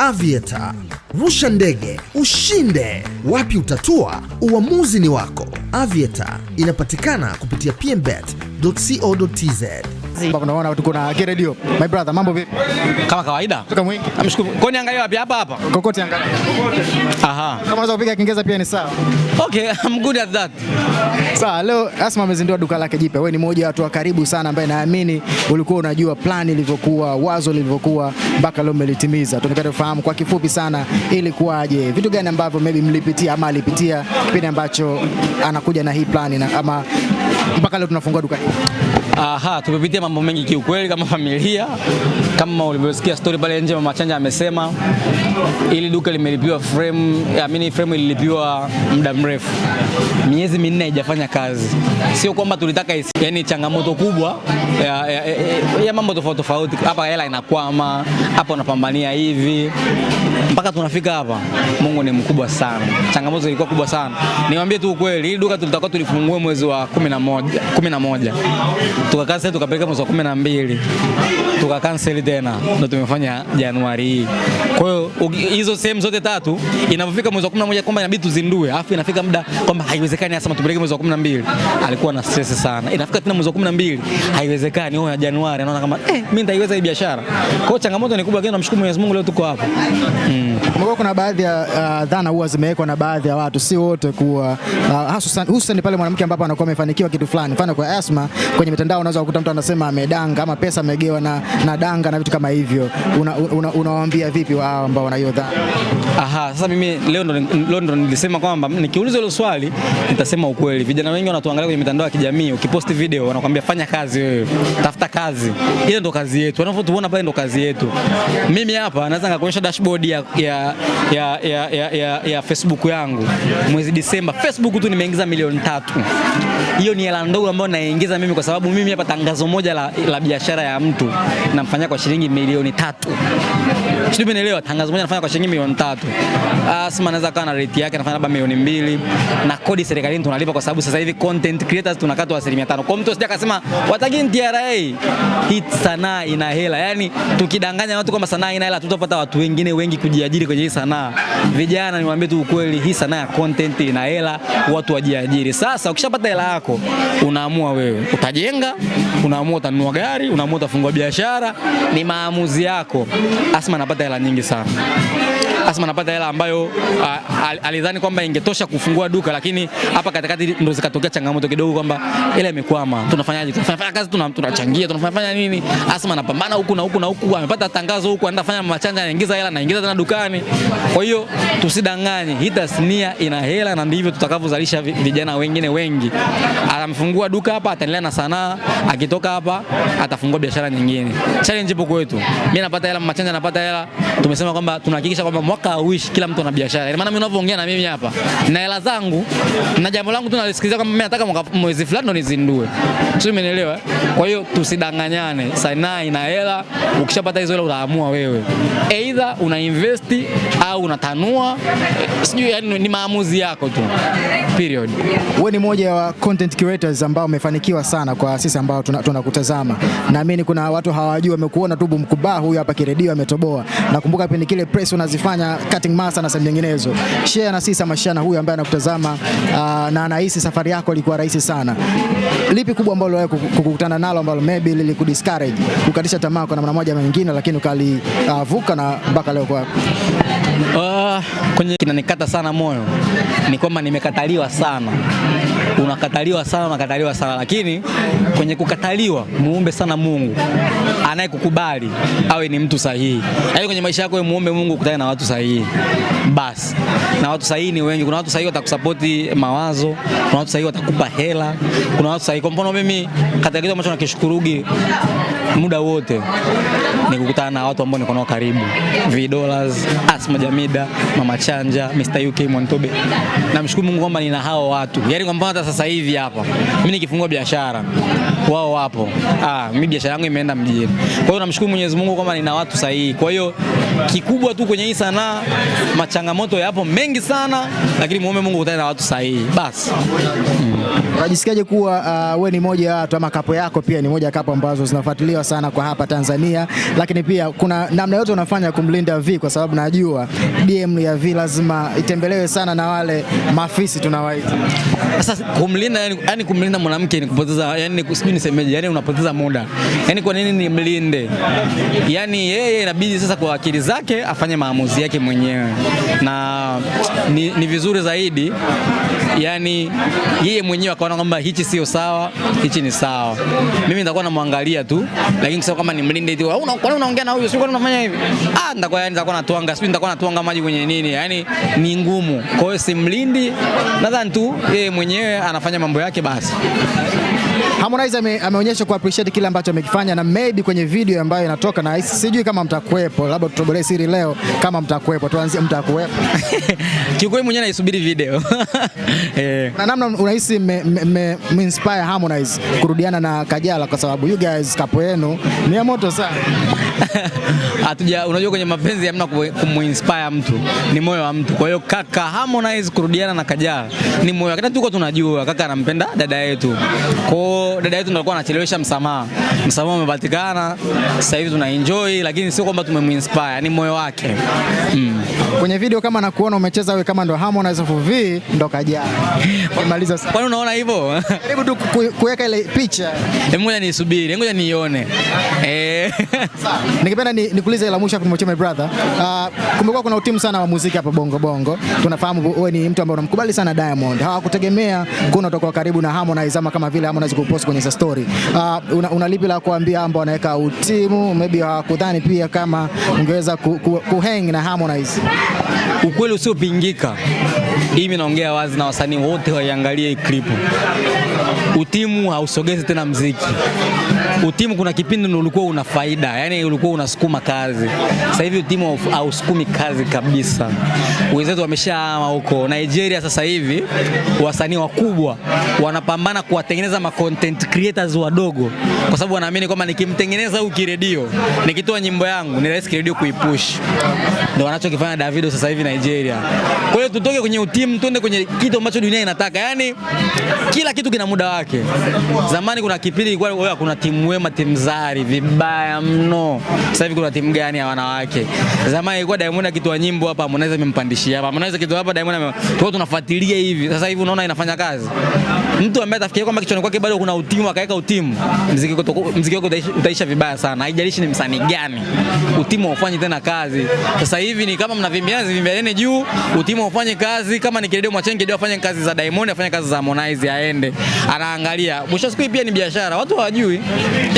avieta rusha ndege ushinde. Wapi utatua? Uamuzi ni wako. avieta inapatikana kupitia pmbet.co.tz kazi. Unaona kuna kiredio. My brother, mambo vipi? Kama kawaida. Toka mwingi. Namshukuru. Kwa angalia wapi hapa hapa? Kokote angalia. Aha. Kama unaweza kupiga Kiingereza pia ni sawa. Okay, I'm good at that. Sawa, leo Asma amezindua duka lake jipya. Wewe ni mmoja wa watu wa karibu sana ambaye naamini ulikuwa unajua plan ilivyokuwa, wazo lilivyokuwa mpaka leo umelitimiza. Tunataka tufahamu kwa kifupi sana ilikuwaje? Vitu gani ambavyo maybe mlipitia ama alipitia kipindi ambacho anakuja na hii plan na ama mpaka leo tunafungua duka hili? Aha, tumepitia mambo mengi kiukweli kama familia, kama ulivyosikia story pale nje, Mama Chanja amesema ili duka limelipiwa frame, I mean frame ililipiwa muda mrefu, miezi minne haijafanya kazi. Sio kwamba tulitaka isi, yani changamoto kubwa ya, ya, ya, ya mambo tofauti tofauti, hapa hela inakwama, hapa unapambania hivi mpaka tunafika hapa. Mungu ni mkubwa sana, changamoto ilikuwa kubwa sana. Niwaambie tu ukweli, hili duka tulitakuwa tulifungue mwezi wa kumi na na moja, kumi na moja tukakaa tukapeleka mwezi wa kumi na mbili tukakanseli tena, ndo tumefanya Januari hii. Kwa hiyo hizo sehemu zote tatu inavyofika mwezi wa kumi na moja kwamba inabidi tuzindue, afu inafika muda kwamba haiwezekani, hasa tupeleke mwezi wa kumi na mbili alikuwa na stress sana. Inafika tena mwezi wa kumi na mbili haiwezekani, oh, Januari anaona kama eh, mimi nitaiweza hii biashara. Kwa hiyo changamoto ni kubwa, lakini namshukuru Mwenyezi Mungu leo tuko hapa mm. Kuna baadhi ya uh, dhana huwa zimewekwa na baadhi ya watu, si wote, kuwa uh, hususan pale mwanamke ambapo anakuwa amefanikiwa amegewa kitu fulani. Mfano kwa asma, kwenye mitandao unaweza kukuta mtu anasema amedanga ama pesa amegewa na, na danga na vitu kama hivyo. Unawaambia una, una vipi wao ambao wanaiodha? Aha, sasa mimi leo ndo, leo ndo nilisema kwamba nikiulizwa hilo swali nitasema ukweli. Vijana wengi wanatuangalia kwenye mitandao ya kijamii, ukiposti video wanakuambia fanya kazi wewe, tafuta kazi. Ile ndo kazi yetu, wanavyotuona pale ndo kazi yetu. Mimi hapa naweza ngakuonyesha dashboard ya, ya, ya, ya, ya, ya, ya Facebook yangu mwezi Disemba, Facebook tu nimeingiza milioni tatu. Hiyo ni hela ndogo ambayo naingiza mimi, kwa sababu mimi hapa tangazo moja la, la biashara ya mtu namfanya kwa shilingi milioni tatu. Sio umeelewa? Tangazo moja nafanya kwa shilingi milioni tatu. Asma ah, anaweza kawa na rate yake, nafanya labda milioni mbili, na kodi serikalini tunalipa, kwa sababu sasa hivi content creators tunakatwa asilimia tano. Kwa mtu sija kasema watagi TRA, hii sanaa ina hela. Yani tukidanganya watu kwamba sanaa ina hela, tutapata watu wengine wengi kujiajiri kwenye hii sanaa. Vijana, niwaambie tu ukweli, hii sanaa ya content ina hela, watu wajiajiri. Sasa ukishapata hela yako unaamua wewe, utajenga, unaamua utanunua gari, unaamua utafungua biashara, ni maamuzi yako. Asma anapata hela nyingi sana. Asma anapata hela ambayo alidhani kwamba ingetosha kufungua duka, lakini hapa katikati ndo zikatokea changamoto kidogo kwamba ile imekwama. Tunafanyaje? Tunafanya kazi, tunachangia, tunafanya nini? Asma anapambana huku na huku na huku, amepata tangazo huku, anaenda fanya machanja, anaingiza hela, anaingiza tena dukani. Kwa hiyo tusidanganye, hii tasnia ina hela na ndivyo tutakavyozalisha vijana wengine wengi. Amefungua duka hapa, ataendelea na sanaa, akitoka hapa atafungua biashara nyingine. Challenge ipo kwetu. Mimi napata hela, machanja napata hela tumesema kwamba tunahakikisha kwamba mwaka hauishi kila mtu ana biashara. Ina Maana mimi ninavyoongea na mimi hapa na hela zangu na jambo langu tu nalisikiliza kwamba mimi nataka mwezi fulani ndo nizindue, sio? Umeelewa? Kwa hiyo tusidanganyane, sanaa ina hela. Ukishapata hizo hela utaamua wewe, either una invest au unatanua, sijui, yani ni maamuzi yako tu, period. Wewe ni moja wa content creators ambao umefanikiwa sana kwa sisi ambao tunakutazama, tuna naamini kuna watu hawajui, wamekuona tu Bumkubaa huyu hapa kiredio ametoboa na Kumbuka kipindi kile press unazifanya cutting master na sehemu nyinginezo. Share na sisi mashana huyu ambaye anakutazama uh, na anahisi safari yako ilikuwa rahisi sana. Lipi kubwa ambalo wewe kukutana nalo ambalo maybe lilikudiscourage, kukatisha tamaa kwa namna moja ama nyingine, lakini ukalivuka uh, na mpaka leo kwa uh, kwenye kinanikata sana moyo ni kwamba nimekataliwa sana unakataliwa sana, unakataliwa sana, lakini kwenye kukataliwa muombe sana Mungu anayekukubali awe ni mtu sahihi. Yaani kwenye maisha yako muombe Mungu ukutane na watu sahihi Bas. na watu sahihi ni wengi. Kuna watu sahihi watakusapoti mawazo, kuna watu sahihi watakupa hela, kuna watu sahihi. Kwa mfano mimi, katika kitu ambacho nakishukurugi muda wote ni kukutana na watu ambao niko nao karibu, V Dollars, Asma Jamida, Mama Chanja, Mr UK Mwantobe. Namshukuru Mungu kwamba nina hao watu, yaani kwa mfano sasa hivi hapa mimi nikifungua biashara wao wapo. Ah, mimi biashara yangu imeenda mjini. Kwa hiyo namshukuru Mwenyezi Mungu kwamba nina watu sahihi. Kwa hiyo kikubwa tu kwenye hii sanaa, machangamoto yapo mengi sana, lakini muombe Mungu kutane na watu sahihi basi. Mm. Unajisikiaje kuwa uh, we ni moja ya watu ama kapo yako pia ni moja ya kapo ambazo zinafuatiliwa sana kwa hapa Tanzania, lakini pia kuna namna yote unafanya kumlinda V, kwa sababu najua DM ya V lazima itembelewe sana na wale mafisi tunawaita. Sasa kumlinda yani, yani kumlinda mwanamke ni kupoteza yani, sijui nisemeje, yani unapoteza muda yani, kwa nini nimlinde? Yani yeye inabidi sasa kwa akili zake afanye maamuzi yake mwenyewe, na ni, ni vizuri zaidi yani yaani, yeye mwenyewe akaona kwamba hichi sio sawa, hichi ni sawa. Mimi nitakuwa namwangalia tu, lakini kusema kama mlinde eti au kwa nini unaongea na huyo, sio kwa nini unafanya hivi. Ah, nitakuwa yani nitakuwa natuanga, sio nitakuwa natuanga maji kwenye nini, yani ni ngumu. Kwa hiyo mlindi nadhani tu yeye mwenyewe anafanya mambo yake basi. Harmonize ame, ameonyesha ku appreciate kile ambacho amekifanya, na maybe kwenye video ambayo inatoka na sijui kama mtakuepo, labda tutobolee siri leo kama mtakuepo, tuanzie mtakuepo. Kiukweli mwenyewe naisubiri video eh. Na namna unahisi me inspire Harmonize kurudiana na Kajala, kwa sababu you guys kapo yenu ni moto sana hatuja unajua, kwenye mapenzi hamna kumuinspire mtu, ni moyo wa mtu. Kwa hiyo kaka Harmonize kurudiana na Kajala ni moyo, hata tuko tunajua kaka anampenda dada yetu, kwa dada yetu ndio alikuwa anachelewesha msamaha. Msamaha umepatikana sasa hivi tuna enjoy, lakini sio kwamba tumemuinspire, ni moyo wake mm. Kwenye video kama nakuona umecheza wewe kama ndo Harmonize V ndo Kajala umaliza. Kwani unaona hivyo? Karibu tu kuweka ile picha, ngoja nisubiri, ngoja niione eh ningependa nikuulize ni la mwisho hapo my brother. Uh, kumekuwa kuna utimu sana wa muziki hapa Bongo Bongo. Tunafahamu wewe ni mtu ambaye unamkubali sana Diamond. Hawakutegemea kuna utakuwa karibu na Harmonize ama kama vile Harmonize kupost kwenye Insta story. Uh, una, una lipi la kuambia ambao wanaweka utimu maybe hawakudhani pia kama ungeweza kuhang ku, ku, ku na Harmonize? Ukweli usiopingika hii naongea wazi na wasanii wote waiangalie hii klipu. Utimu hausogezi tena mziki. Utimu kuna kipindi ulikuwa una faida, yani ulikuwa unasukuma kazi. Sasa hivi utimu hausukumi kazi kabisa. Wenzetu wameshahama huko Nigeria. Sasa hivi wasanii wakubwa wanapambana kuwatengeneza ma content creators wadogo, kwa sababu wanaamini kwamba nikimtengeneza huyu kiredio, nikitoa nyimbo yangu ni rahisi kiredio kuipush ndio wanachokifanya Davido sasa hivi Nigeria. Kwa hiyo tutoke kwenye utimu tuende kwenye kitu ambacho dunia inataka, yaani kila kitu kina muda wake. Zamani kuna kipindi kwa wewe kuna timu wema, timu zari, vibaya mno. Sasa hivi kuna timu gani ya wanawake? Zamani ilikuwa Diamond akitoa nyimbo hapa, Harmonize amempandishia hapa, Harmonize kitu hapa, Diamond tuko tunafuatilia hivi. Sasa hivi unaona inafanya kazi. Mtu ambaye atafikia kwamba kichwani kwake bado kuna utimu akaweka utimu, mziki wako mziki wako utaisha vibaya sana. Haijalishi ni msanii gani, utimu haufanyi tena kazi sasa hivi ni kama mnavimbiana, zivimbiane juu, utimo ufanye kazi. Kama ni Kidedo mwacheni Kidedo afanye kazi za Diamond, afanye kazi za Harmonize, aende anaangalia. Mwisho siku pia ni biashara, watu hawajui.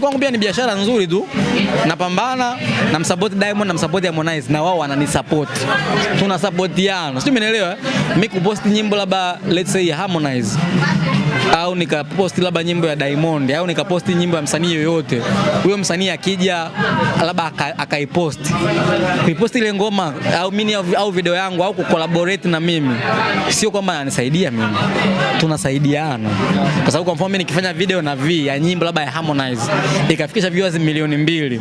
Kwangu pia ni biashara nzuri tu, napambana na msupport Diamond na msupport Harmonize, na wao wananisupport, tuna supportiana, sijui umeelewa. Mimi eh? kuposti nyimbo labda let's say Harmonize au nikaposti labda nyimbo ya Diamond au nikaposti nyimbo ya msanii yoyote, huyo msanii akija labda akaiposti kuiposti ile ngoma au mini au video yangu au kucollaborate na mimi, sio kwamba ananisaidia mimi, tunasaidiana kwa sababu, kwa mfano mimi nikifanya video na V ya nyimbo labda ya Harmonize ikafikisha viewers milioni mbili,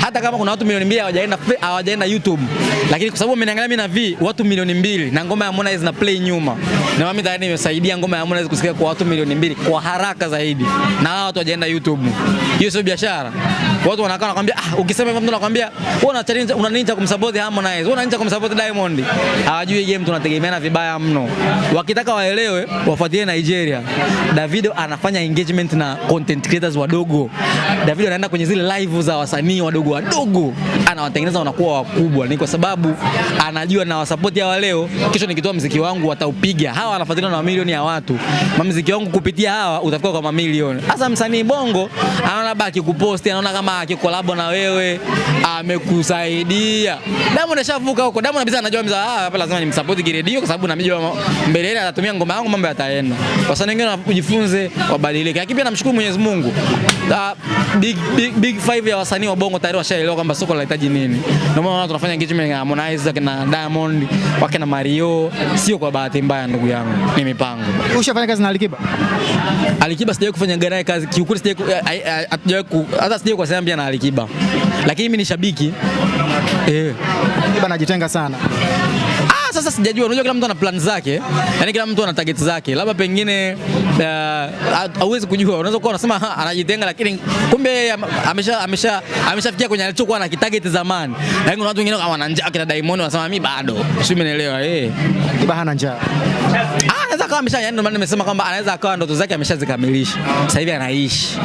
hata kama kuna watu milioni mbili hawajaenda hawajaenda YouTube, lakini kwa sababu mimi naangalia mimi na V watu milioni mbili na ngoma ya Harmonize na play nyuma, na mimi tayari nimesaidia ngoma ya Harmonize kusikia kwa watu milioni mbili kwa haraka zaidi, na hao watu wajaenda YouTube. Hiyo sio biashara. Watu wanakaa nakwambia, ah, ukisema hivyo mtu anakwambia wewe una challenge, una nini cha kumsupport Harmonize, wewe una nini cha kumsupport Diamond. Hawajui game tunategemeana vibaya mno. Wakitaka waelewe, wafuatie Nigeria. Davido anafanya engagement na content creators wadogo. Davido anaenda kwenye zile live za wasanii wadogo wadogo, anawatengeneza wanakuwa wakubwa. Ni kwa sababu anajua na wasupport hawa leo, kesho nikitoa mziki wangu wataupiga. Hawa wanafuatiliwa na mamilioni ya watu. Mamziki yangu kupitia hawa utafika kwa mamilioni. Sasa msanii bongo anaona baki kuposti, anaona kama akikolabo na wewe amekusaidia. Damu ashavuka huko, Damu kabisa anajua mzaa, ah, hapa lazima nimsupport Kiredio kwa sababu namjua mbele yake atatumia ngoma yangu, mambo yataenda. Wasanii wengine wajifunze, wabadilike. Lakini pia namshukuru Mwenyezi Mungu. Da, ah, big, big, big five ya wasanii wa bongo tayari washaelewa kwamba soko linahitaji nini. Ndio maana tunafanya engagement na Harmonize na Diamond wake na Mario, sio kwa bahati mbaya ndugu yangu, ni mipango. Ushafanya kazi na Alikiba? Alikiba sijawahi kufanya naye kazi kiukuri, eh, eh, hata sijawahi kuwasiliana pia na Alikiba, lakini mimi ni shabiki eh. Alikiba anajitenga sana sasa sijajua, unajua kila mtu ana plan zake, yani kila mtu ana target zake, labda pengine eh, hauwezi uh, kujua. Unaweza kuwa unasema anajitenga, lakini kumbe amesha amesha ameshafikia kwenye alichokuwa na target zamani, lakini kuna watu wengine wana njaa, kina Diamond wanasema mimi bado, sio, umeelewa eh? Hana njaa ah, anaweza kama amesha, yani ndio maana nimesema kwamba anaweza akawa ndoto zake ameshazikamilisha, sasa hivi anaishi.